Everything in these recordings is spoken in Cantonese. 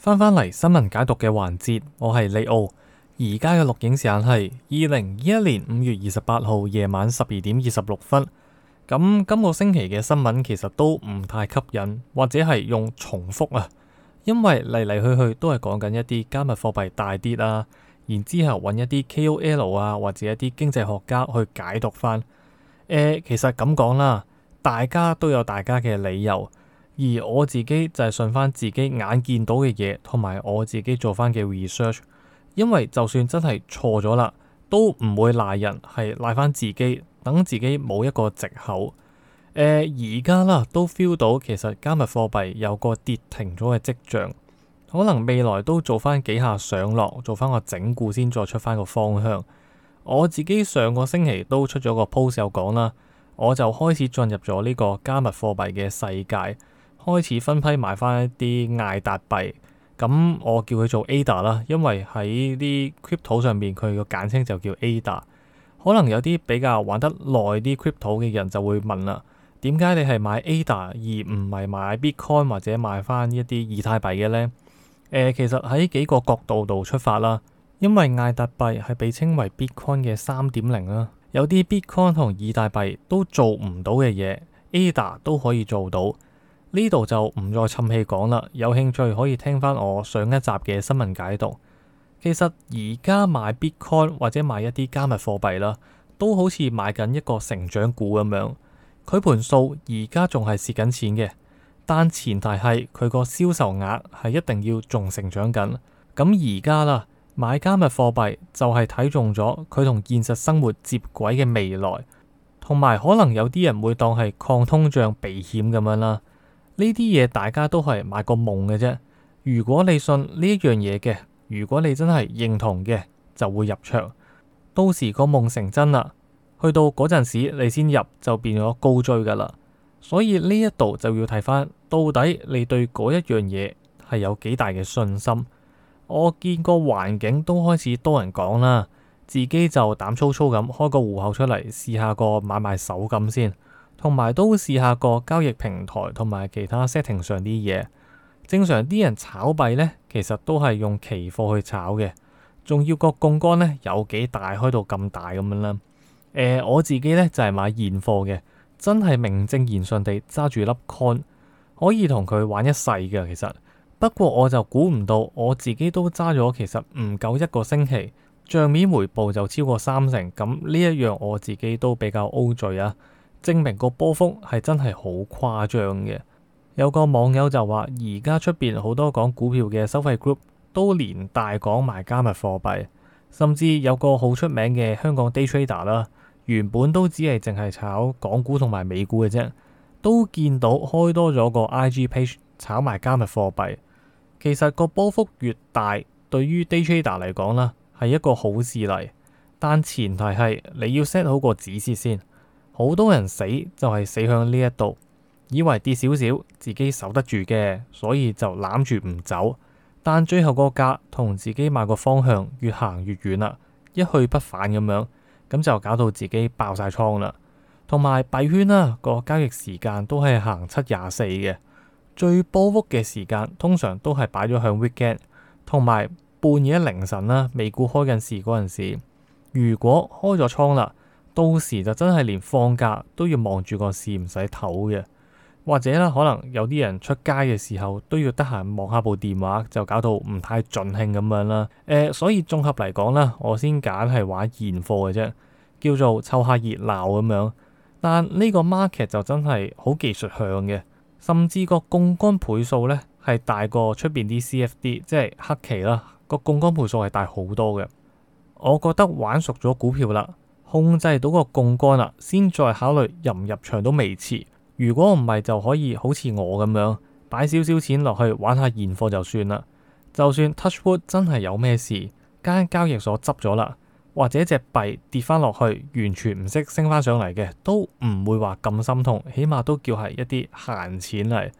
翻返嚟新聞解讀嘅環節，我係利奧。而家嘅錄影時間係二零二一年五月二十八號夜晚十二點二十六分。咁今個星期嘅新聞其實都唔太吸引，或者係用重複啊，因為嚟嚟去去都係講緊一啲加密貨幣大跌啊，然之後揾一啲 KOL 啊或者一啲經濟學家去解讀翻。誒、呃，其實咁講啦，大家都有大家嘅理由。而我自己就係信翻自己眼見到嘅嘢，同埋我自己做翻嘅 research。因為就算真係錯咗啦，都唔會賴人，係賴翻自己，等自己冇一個藉口。呃，而家啦都 feel 到其實加密貨幣有個跌停咗嘅跡象，可能未來都做翻幾下上落，做翻個整固先再出翻個方向。我自己上個星期都出咗個 post 講啦，我就開始進入咗呢個加密貨幣嘅世界。開始分批買翻一啲艾達幣，咁我叫佢做 Ada 啦，因為喺啲 crypto 上面，佢個簡稱就叫 Ada。可能有啲比較玩得耐啲 crypto 嘅人就會問啦，點解你係買 Ada 而唔係買 Bitcoin 或者買翻一啲以太幣嘅呢？呃，誒，其實喺幾個角度度出發啦，因為艾達幣係被稱為 Bitcoin 嘅三點零啦，有啲 Bitcoin 同以太幣都做唔到嘅嘢，Ada 都可以做到。呢度就唔再氹氣講啦。有興趣可以聽翻我上一集嘅新聞解讀。其實而家買 Bitcoin 或者買一啲加密貨幣啦，都好似買緊一個成長股咁樣。佢盤數而家仲係蝕緊錢嘅，但前提係佢個銷售額係一定要仲成長緊。咁而家啦，買加密貨幣就係睇中咗佢同現實生活接軌嘅未來，同埋可能有啲人會當係抗通脹避險咁樣啦。呢啲嘢大家都係買個夢嘅啫。如果你信呢一樣嘢嘅，如果你真係認同嘅，就會入場。到時個夢成真啦，去到嗰陣時你先入就變咗高追噶啦。所以呢一度就要睇翻到底你對嗰一樣嘢係有幾大嘅信心。我見個環境都開始多人講啦，自己就膽粗粗咁開個戶口出嚟試下個買賣手感先。同埋都會試下個交易平台同埋其他 setting 上啲嘢。正常啲人炒幣呢，其實都係用期貨去炒嘅，仲要個槓桿呢，有幾大，開到咁大咁樣啦。誒、呃，我自己呢，就係、是、買現貨嘅，真係名正言順地揸住粒 coin 可以同佢玩一世嘅。其實不過我就估唔到我自己都揸咗，其實唔夠一個星期，帳面回報就超過三成咁呢一樣，我自己都比較 O 醉啊！證明個波幅係真係好誇張嘅。有個網友就話：而家出邊好多講股票嘅收費 group 都連帶講埋加密貨幣，甚至有個好出名嘅香港 day trader 啦，原本都只係淨係炒港股同埋美股嘅啫，都見到開多咗個 IG page 炒埋加密貨幣。其實個波幅越大，對於 day trader 嚟講啦，係一個好事嚟，但前提係你要 set 好個指示先。好多人死就係死向呢一度，以為跌少少自己守得住嘅，所以就攬住唔走。但最後個價同自己買個方向越行越遠啦，一去不返咁樣，咁就搞到自己爆晒倉啦。同埋幣圈啦，個交易時間都係行七廿四嘅，最波幅嘅時間通常都係擺咗向 weekend，同埋半夜凌晨啦，美股開緊市嗰陣時，如果開咗倉啦。到時就真係連放假都要望住個市唔使唞嘅，或者咧可能有啲人出街嘅時候都要得閒望下部電話，就搞到唔太盡興咁樣啦。誒、呃，所以綜合嚟講啦，我先揀係玩現貨嘅啫，叫做湊下熱鬧咁樣。但呢個 market 就真係好技術向嘅，甚至個槓桿倍數咧係大過出邊啲 CFD 即係黑期啦，個槓桿倍數係大好多嘅。我覺得玩熟咗股票啦。控制到個槓桿啦，先再考慮入唔入場都未遲。如果唔係，就可以好似我咁樣擺少少錢落去玩下現貨就算啦。就算 TouchWood 真係有咩事，間交易所執咗啦，或者隻幣跌翻落去，完全唔識升翻上嚟嘅，都唔會話咁心痛。起碼都叫係一啲閒錢嚟。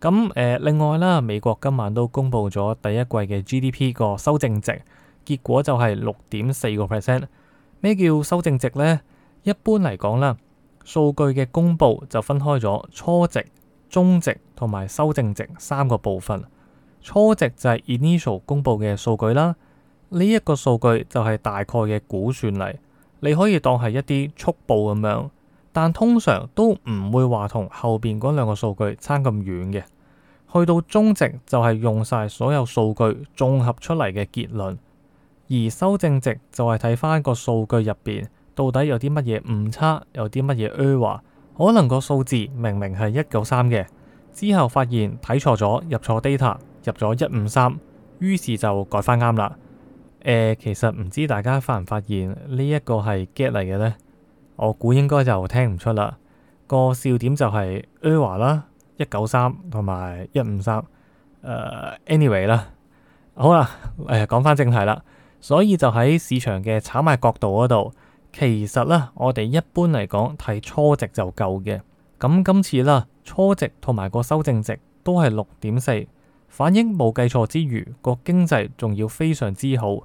咁誒、呃，另外啦，美國今晚都公布咗第一季嘅 GDP 個修正值，結果就係六點四個 percent。咩叫修正值咧？一般嚟講啦，數據嘅公布就分開咗初值、中值同埋修正值三個部分。初值就係 initial 公布嘅數據啦，呢、這、一個數據就係大概嘅估算嚟，你可以當係一啲速報咁樣，但通常都唔會話同後邊嗰兩個數據差咁遠嘅。去到中值就係用晒所有數據綜合出嚟嘅結論。而修正值就係睇翻個數據入邊到底有啲乜嘢誤差，有啲乜嘢 error，可能個數字明明係一九三嘅，之後發現睇錯咗，入錯 data，入咗一五三，於是就改翻啱啦。誒、呃，其實唔知大家發唔發現呢一個係 get 嚟嘅呢？我估應該就聽唔出啦。個笑點就係 error 啦，一九三同埋一五三。誒，anyway 啦，好啦，誒，講翻正題啦。所以就喺市場嘅炒賣角度嗰度，其實咧，我哋一般嚟講睇初值就夠嘅。咁今次啦，初值同埋個修正值都係六點四，反應冇計錯之餘，個經濟仲要非常之好。而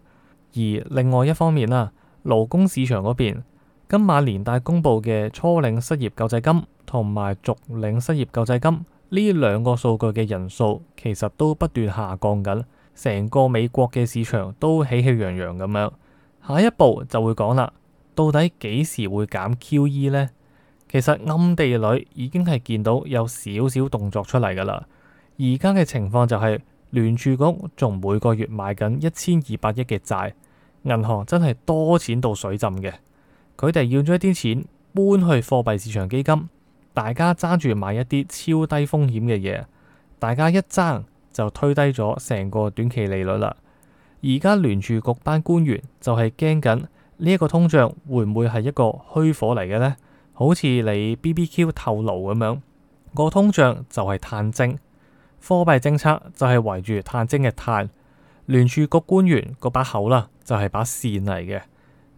另外一方面啦，勞工市場嗰邊，今晚連帶公布嘅初領失業救濟金同埋續領失業救濟金呢兩個數據嘅人數，其實都不斷下降緊。成個美國嘅市場都喜氣洋洋咁樣，下一步就會講啦。到底幾時會減 QE 呢？其實暗地裏已經係見到有少少動作出嚟噶啦。而家嘅情況就係聯儲局仲每個月買緊一千二百億嘅債，銀行真係多錢到水浸嘅。佢哋要咗一啲錢搬去貨幣市場基金，大家爭住買一啲超低風險嘅嘢，大家一爭，就推低咗成個短期利率啦。而家聯儲局班官員就係驚緊呢一個通脹會唔會係一個虛火嚟嘅呢？好似你 BBQ 透露咁樣，個通脹就係炭精，貨幣政策就係圍住炭精嘅炭。聯儲局官員嗰把口啦，就係把綫嚟嘅。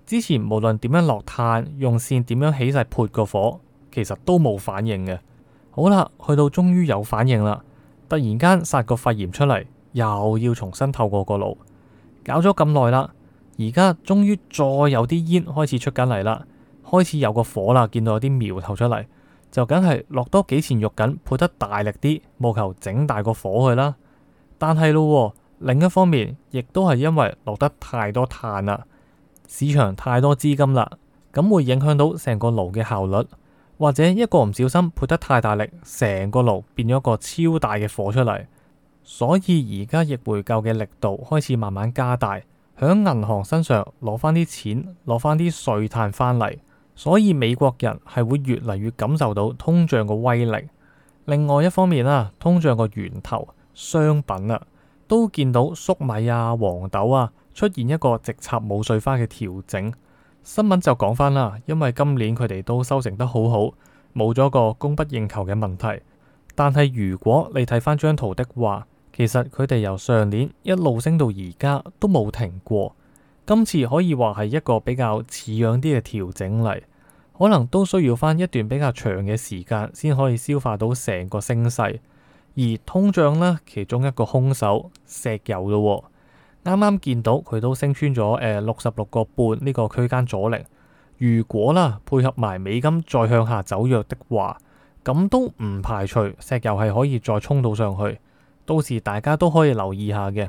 之前無論點樣落炭，用綫點樣起晒潑個火，其實都冇反應嘅。好啦，去到終於有反應啦。突然間殺個肺炎出嚟，又要重新透過個爐，搞咗咁耐啦，而家終於再有啲煙開始出緊嚟啦，開始有個火啦，見到有啲苗頭出嚟，就梗係落多幾錢肉緊，緊，配得大力啲，務求整大個火去啦。但係咯，另一方面亦都係因為落得太多炭啦，市場太多資金啦，咁會影響到成個爐嘅效率。或者一個唔小心潑得太大力，成個爐變咗一個超大嘅火出嚟，所以而家逆回購嘅力度開始慢慢加大，響銀行身上攞翻啲錢，攞翻啲稅炭翻嚟，所以美國人係會越嚟越感受到通脹個威力。另外一方面啊，通脹個源頭商品啊，都見到粟米啊、黃豆啊出現一個直插冇碎花嘅調整。新聞就講翻啦，因為今年佢哋都收成得好好，冇咗個供不應求嘅問題。但係如果你睇翻張圖的話，其實佢哋由上年一路升到而家都冇停過。今次可以話係一個比較似樣啲嘅調整嚟，可能都需要翻一段比較長嘅時間先可以消化到成個升勢。而通脹呢，其中一個兇手石油咯、哦。啱啱見到佢都升穿咗誒六十六個半呢個區間阻力，如果啦配合埋美金再向下走弱的話，咁都唔排除石油係可以再衝到上去，到時大家都可以留意下嘅。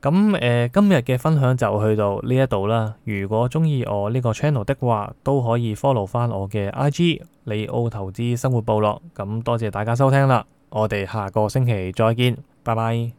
咁誒、呃、今日嘅分享就去到呢一度啦。如果鍾意我呢個 channel 的話，都可以 follow 翻我嘅 IG 李奧投資生活部落。咁多謝大家收聽啦，我哋下個星期再見，拜拜。